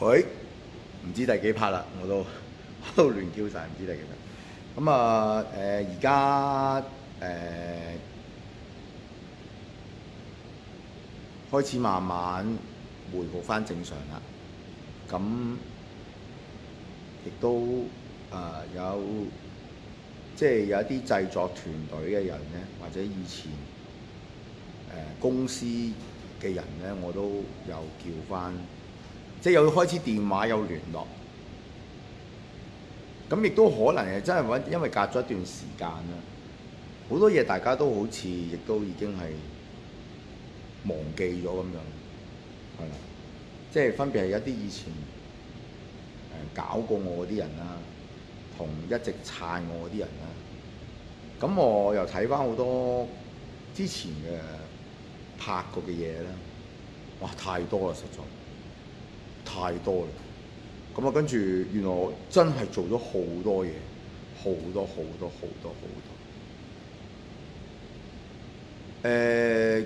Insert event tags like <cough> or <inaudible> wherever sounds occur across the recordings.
佢唔、哎、知第幾拍啦，我都我都亂叫晒。唔知第幾拍。咁啊，誒而家誒開始慢慢回復翻正常啦。咁亦都啊有即係、就是、有一啲製作團隊嘅人咧，或者以前誒、呃、公司嘅人咧，我都又叫翻。即係又要開始電話又聯絡，咁亦都可能係真係揾，因為隔咗一段時間啦，好多嘢大家都好似亦都已經係忘記咗咁樣，係啦，即係分別係一啲以前誒搞過我啲人啦，同一直撐我啲人啦，咁我又睇翻好多之前嘅拍過嘅嘢啦，哇！太多啦，實在。太多啦，咁啊，跟住原來我真係做咗好多嘢，好多好多好多好多。誒，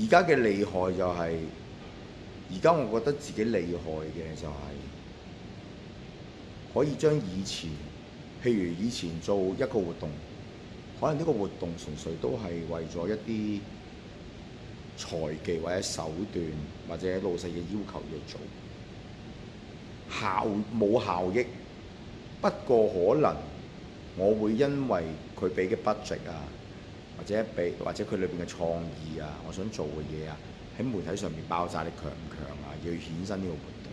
而家嘅厲害就係，而家我覺得自己厲害嘅就係，可以將以前譬如以前做一個活動，可能呢個活動純粹都係為咗一啲。財技或者手段，或者老細嘅要求要做，效冇效益。不過可能我會因為佢俾嘅 budget 啊，或者俾或者佢裏邊嘅創意啊，我想做嘅嘢啊，喺媒體上面爆炸力強唔強啊，要衍生呢個活動。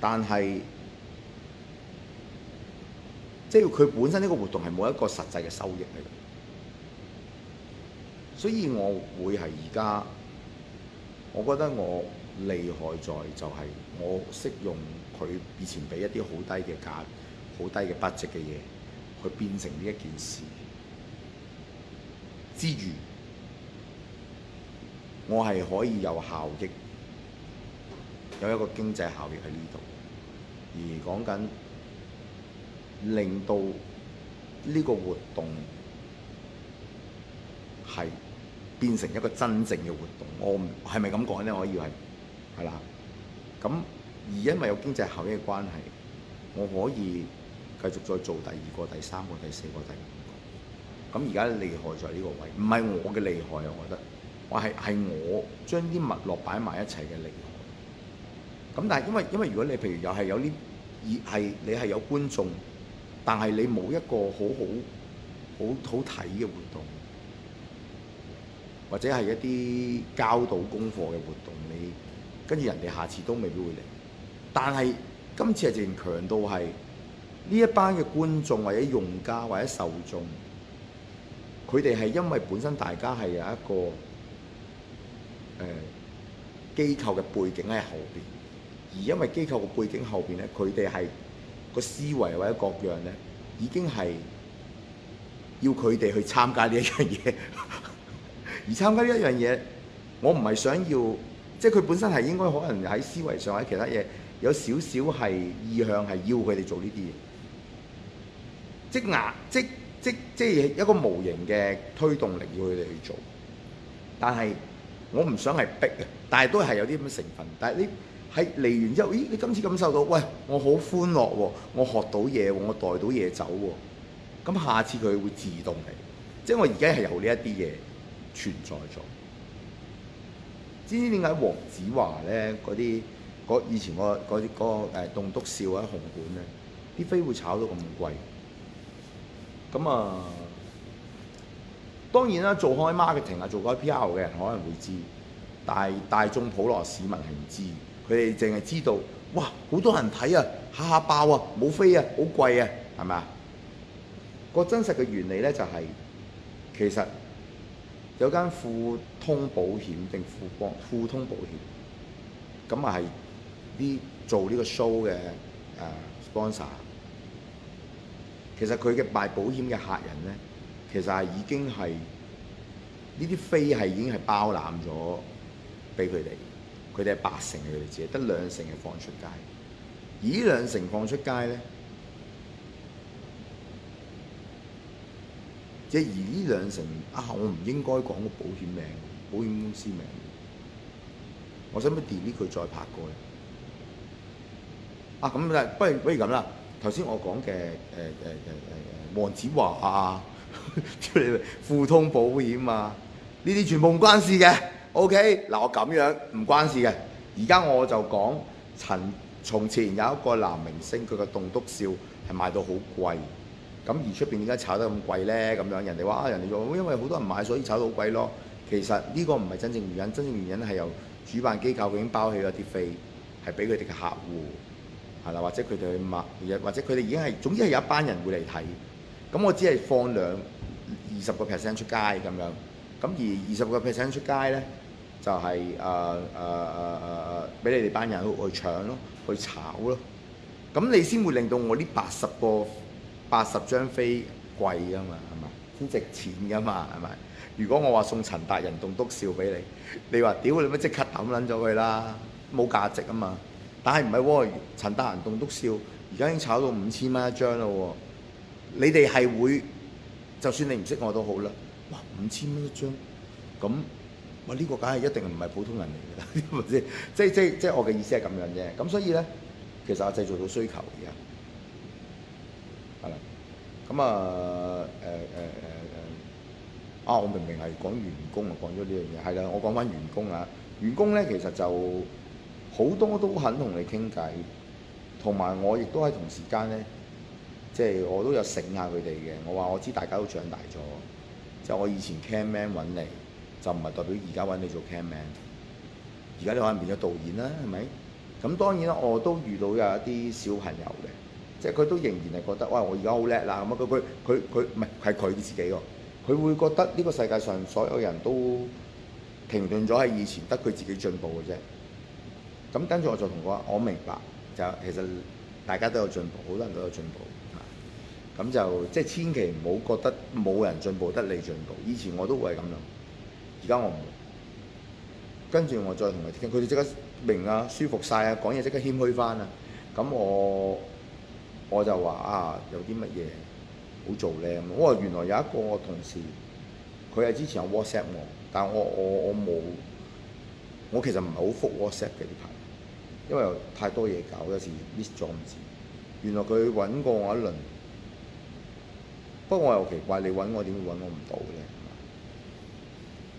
但係，即係佢本身呢個活動係冇一個實際嘅收益嚟所以我會係而家，我覺得我厲害在就係我識用佢以前畀一啲好低嘅價、好低嘅 budget 嘅嘢，去變成呢一件事之餘，我係可以有效益，有一個經濟效益喺呢度，而講緊令到呢個活動。變成一個真正嘅活動，我係咪咁講呢？我以為係啦。咁而因為有經濟效益嘅關係，我可以繼續再做第二個、第三個、第四個、第五個。咁而家厲害在呢個位，唔係我嘅厲害，我覺得我係係我將啲物落擺埋一齊嘅厲害。咁但係因為因為如果你譬如又係有啲而係你係有觀眾，但係你冇一個好好好好睇嘅活動。或者係一啲交到功課嘅活動，你跟住人哋下次都未必會嚟。但係今次係直情強到係呢一班嘅觀眾或者用家或者受眾，佢哋係因為本身大家係有一個誒、呃、機構嘅背景喺後邊，而因為機構嘅背景後邊咧，佢哋係個思維或者各樣咧，已經係要佢哋去參加呢一樣嘢。 <laughs> 而參加呢一樣嘢，我唔係想要，即係佢本身係應該可能喺思維上或者其他嘢有少少係意向係要佢哋做呢啲嘢即壓即即即係一個無形嘅推動力要佢哋去做，但係我唔想係逼嘅，但係都係有啲咁嘅成分。但係你喺嚟完之後，咦？你今次感受到，喂，我好歡樂喎，我學到嘢喎，我帶到嘢走喎，咁下次佢會自動嚟，即係我而家係由呢一啲嘢。存在咗，知唔知點解黃子華咧嗰啲以前、嗰個啲嗰、嗰個誒棟篤笑啊紅館咧啲飛會炒到咁貴？咁啊，當然啦、啊，做開 marketing 啊，做開 PR 嘅人可能會知，但係大眾普羅市民係唔知，佢哋淨係知道哇，好多人睇啊，下下爆啊，冇飛啊，好貴啊，係咪啊？嗰個真實嘅原理咧就係、是、其實。有間富通保險定富邦富通保險咁啊，係啲做呢個 show 嘅誒 sponsor。其實佢嘅賣保險嘅客人咧，其實係已經係呢啲飛係已經係包攬咗俾佢哋，佢哋係八成，佢哋只係得兩成嘅放出街，而呢兩成放出街咧。即係而呢兩成啊，我唔應該講個保險名，保險公司名。我使唔使 delete 佢再拍過咧？啊，咁啊，不如不如咁啦。頭先我講嘅誒誒誒誒誒黃子華啊， <laughs> 富通保險啊，呢啲全部唔關事嘅。OK，嗱我咁樣唔關事嘅。而家我就講陳，從前有一個男明星，佢嘅棟篤笑係賣到好貴。咁而出邊點解炒得咁貴呢？咁樣人哋話、啊、人哋因為好多人買，所以炒到好貴咯。其實呢個唔係真正原因，真正原因係由主辦機構已經包起咗啲飛，係俾佢哋嘅客戶係啦，或者佢哋去買，或者佢哋已經係總之係有一班人會嚟睇。咁我只係放兩二十個 percent 出街咁樣。咁而二十個 percent 出街呢，就係誒誒誒誒俾你哋班人去搶咯，去炒咯。咁你先會令到我呢八十個。八十張飛貴啊嘛，係咪先值錢噶嘛，係咪？如果我話送陳達仁棟篤笑俾你，你話屌你咪即刻抌撚咗佢啦，冇價值啊嘛。但係唔係喎，陳達仁棟篤笑而家已經炒到五千蚊一張啦喎。你哋係會，就算你唔識我都好啦。哇，五千蚊一張，咁哇呢個梗係一定唔係普通人嚟㗎啦，係咪先？即係即係即係我嘅意思係咁樣啫。咁所以咧，其實我製造到需求而家。咁、嗯、啊誒誒誒啊，啊，啊我明明係講員工啊，講咗呢樣嘢係啦，我講翻員工啊，員工咧其實就好多都肯同你傾偈，同埋我亦都喺同時間咧，即係我都有醒下佢哋嘅。我話我知大家都長大咗，就我以前 camman 揾你，就唔係代表而家揾你做 camman，而家你可能變咗導演啦，係咪？咁當然啦，我都遇到有一啲小朋友嘅。其實佢都仍然係覺得哇！我而家好叻啦咁啊！佢佢佢佢唔係係佢自己喎，佢會覺得呢個世界上所有人都停頓咗喺以前，得佢自己進步嘅啫。咁跟住我就同佢話：我明白，就其實大家都有進步，好多人都有進步。咁就即係千祈唔好覺得冇人進步得你進步。以前我都會係咁樣，而家我唔會。跟住我再同佢傾，佢哋即刻明啊，舒服曬啊，講嘢即刻謙虛翻啊。咁我。我就話啊，有啲乜嘢好做咧咁。我話原來有一個同事，佢係之前有 WhatsApp 我，但我我我冇，我其實唔係好覆 WhatsApp 嘅呢排，因為有太多嘢搞，有時 miss 咗字。原來佢揾過我一輪，不過我又奇怪，你揾我點會揾我唔到咧？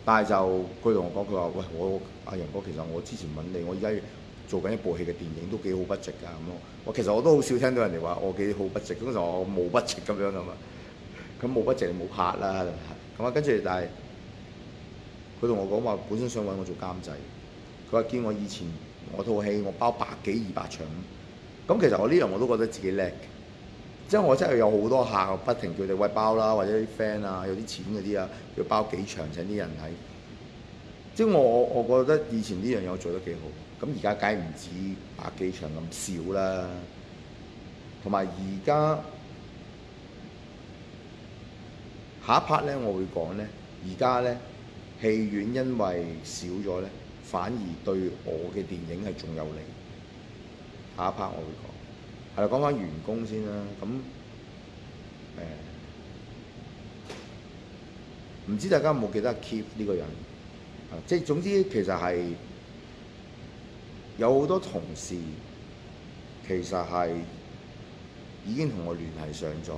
但係就佢同我講，佢話喂，我阿仁哥其實我之前揾你，我而家，做緊一部戲嘅電影，都幾好 budget 㗎咁咯。我其實我都好少聽到人哋話我幾好 budget。咁時我冇 budget 咁樣啊嘛。咁冇 budget 冇拍啦，咁啊跟住，但係佢同我講話，本身想揾我做監製。佢話見我以前我套戲我包百幾二百場咁，其實我呢樣我都覺得自己叻，即係我真係有好多客不停叫你喂，包啦，或者啲 friend 啊有啲錢嗰啲啊要包幾場請啲人睇。即係我我覺得以前呢樣嘢我做得幾好。咁而家梗係唔止百幾場咁少啦，同埋而家下一 part 咧，我會講咧，而家咧戲院因為少咗咧，反而對我嘅電影係仲有利。下一 part 我會講，係啦，講翻員工先啦。咁誒，唔知大家有冇記得 Keep 呢個人，即係總之其實係。有好多同事其實係已經同我聯繫上咗，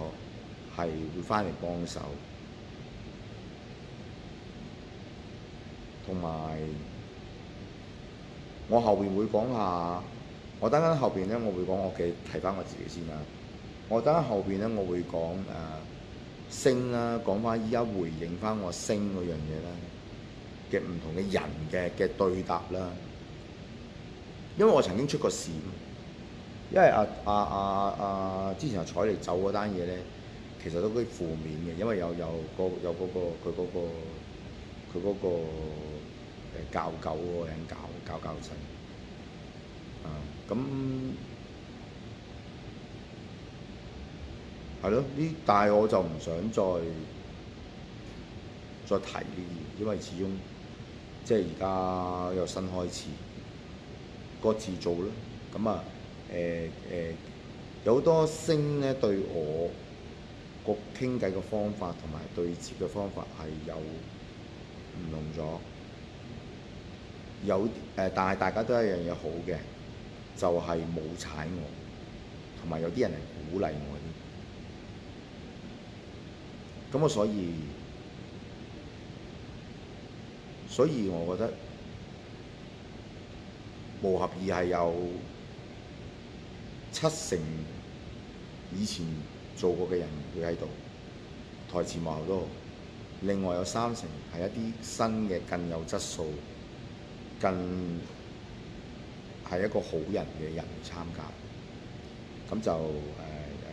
係會翻嚟幫手。同埋我後邊會講下，我等間後邊咧，我會講我嘅，睇翻我自己先啦。我等間後邊咧，我會講誒星啦，講翻而家回應翻我星嗰樣嘢啦嘅唔同嘅人嘅嘅對答啦。因為我曾經出過事，因為啊啊啊啊，之前、啊、彩嚟走嗰單嘢咧，其實都幾負面嘅，因為有有,有、嗰個有嗰佢嗰個佢嗰、嗰個誒教狗嗰個人教，教教親啊，咁係咯，啲但係我就唔想再再提呢啲，因為始終即係而家有新開始。各自做啦，咁啊誒誒有好多星咧對我個傾偈嘅方法同埋對接嘅方法係有唔同咗，有誒、嗯、但係大家都一樣嘢好嘅，就係、是、冇踩我，同埋有啲人係鼓勵我咁我、嗯、所以所以我覺得。無合意係有七成以前做過嘅人會喺度台前幕後都好，另外有三成係一啲新嘅更有質素、更係一個好人嘅人參加，咁就誒誒、呃呃、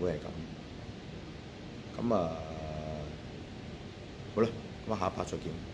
會係咁，咁啊好啦，咁下一 part 再見。